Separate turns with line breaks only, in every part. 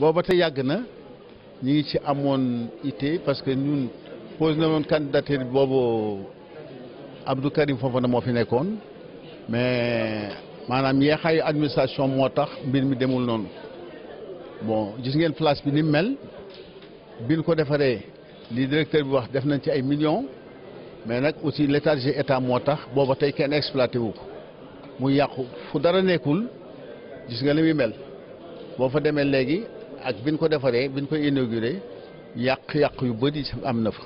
booba te yàgg na ñu ngi ci amoon ité parce que ñun pose na woon candidature boobu Abdou Karim Fofana moo fi nekkoon mais maanaam yeexaayu administration moo tax mbir mi demul noonu bon gis ngeen place bi ni mu mel bin ko defaree li directeur bi wax def nañ ci ay millions mais nag aussi léthargie état moo tax booba tey kenn exploité wu ko mu yàqu fu dara nekkul gis nga li muy mel boo fa demee léegi. ak biñ ko defaree biñ ko inauguré yàq-yàq yu bëri am na fa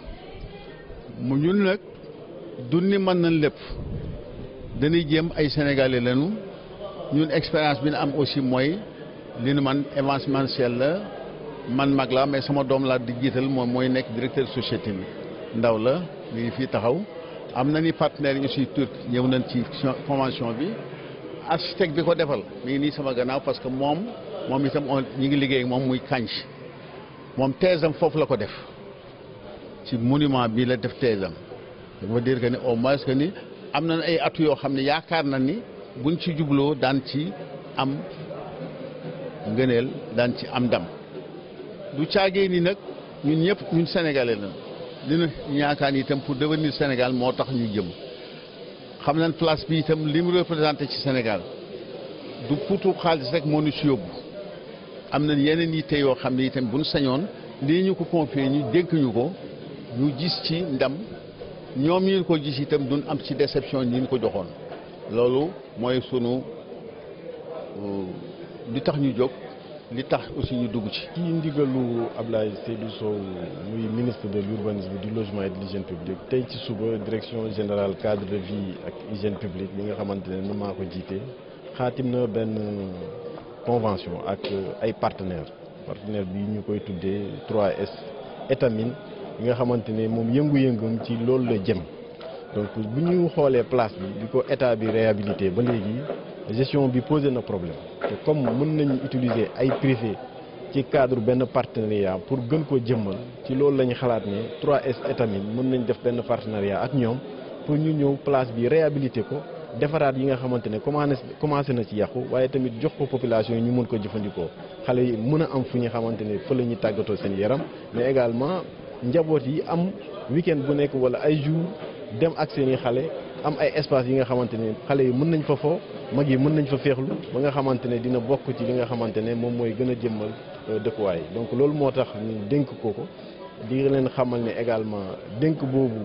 mu ñun nag dunni man nañ lépp dañuy jëm ay sénégalais lañu ñun expérience bi ñu am aussi mooy li nu man événementiel la man mag laa mais sama doom laa di jiital moom mooy nekk directeur société bi ndaw la ñu ngi fii taxaw am na ni partenaires yi aussi turc ñëw nañ ci convention bi architecte bi ko defal mi nii sama gannaaw parce que moom moom itam on ñi ngi liggéey moom muy kanc moom teesam foofu la ko def ci monument bii la def teesam ça veut dire que ni au moins que ni am nan ay atu yoo xam ne yaakaar na ni buñ ci jubloo daan ci am ngëneel daan ci am dam du caagee ni nag ñun ñëpp ñun sénégalais la dina ñaakaan itam pour devenir Sénégal moo tax ñu jëm xam nañ place bi itam li mu représenté ci senegal du putu xaalis rek moo ñu si am na yeneen yitte yoo xam ne itam bu ñu sañoon lii ñu ko confié ñu dénk ñu ko ñu gis ci ndam ñoom ñu ko gis itam duñ am ci déception ñi ñu ko joxoon loolu mooy sunu euh, li tax ñu jóg li tax aussi ñu dugg ci. ci
ndigalu Ablaye Seydou Sow muy ministre de l'urbanisme du logement et de l'hygiène publique tey ci suba direction général cadre de vie ak hygiène publique bi nga xamante ne maa ko jiite xaatim na benn. convention avec euh, ay partenaires partenaire que ñu koy tuddee 3S Etamine, nous nga xamante ne moom yëngu-yëngam ci loolu la jëm donc bu ñu xoolee place bi bi ko état de réhabilité ba léegi gestion bi posé na problème comme mën nañu utiliser ay privé ci cadre benn partenariat pour gën ko jëmmal ci loolu la ñu xalaat 3S Etamine mën nañ def benn partenariat ak nous pour ñu ñëw place bi réhabilité ko defaraat yi nga xamante ne commencé commencé na ci yàqu waaye tamit jox ko population yi ñu mën ko jëfandikoo xale yi mën a am fu ñu xamante ne fa la ñuy tàggatoo seen yaram mais également njaboot yi am week-end bu nekk wala ay jours dem ak seen i xale am ay espace yi nga xamante ne xale yi mën nañ fa fo mag yi mën nañ fa féexlu ba nga xamante ne dina bokk ci li nga xamante ne moom mooy gën a jëmmal euh, dëkkuwaay donc loolu moo tax ñu dénk ko ko di leen xamal ne également dénk boobu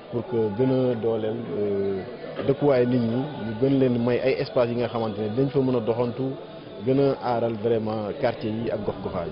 pour que gën a dooleel euh, dëkkuwaay nit ñi ñu gën leen may ay espaces yi nga xamante ne dañ fa mën a doxantu gën a aaral vraiment quartier yi ak gox goxaay